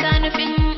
kind of thing.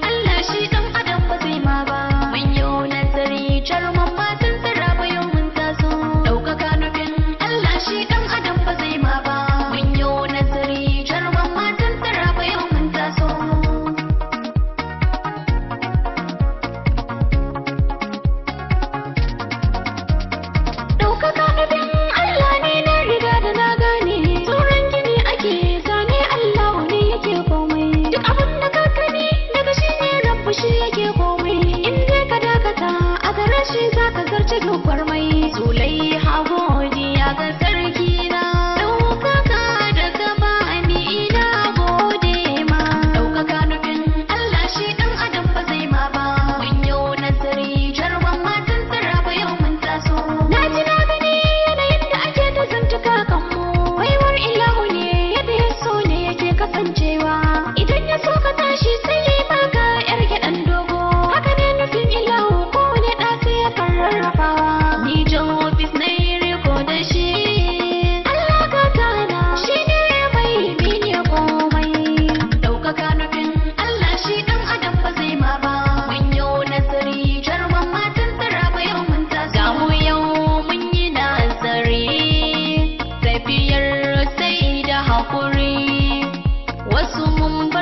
ba. Idan ya so ka tashi sai yi maka yar gidan dogo. Haka ne nufin ilahu kowane ɗa sai ya Ni can ofis na yi riko da shi. Allah ka tana shi ne mai mini komai. Ɗaukaka nufin Allah shi ɗan adam ba zai ma ba. Mun yau nasari jarwan matan tara ba yau mun taso. Ga mu yau mun yi nasari. Tafiyar sai da haƙuri. മുമ്പ്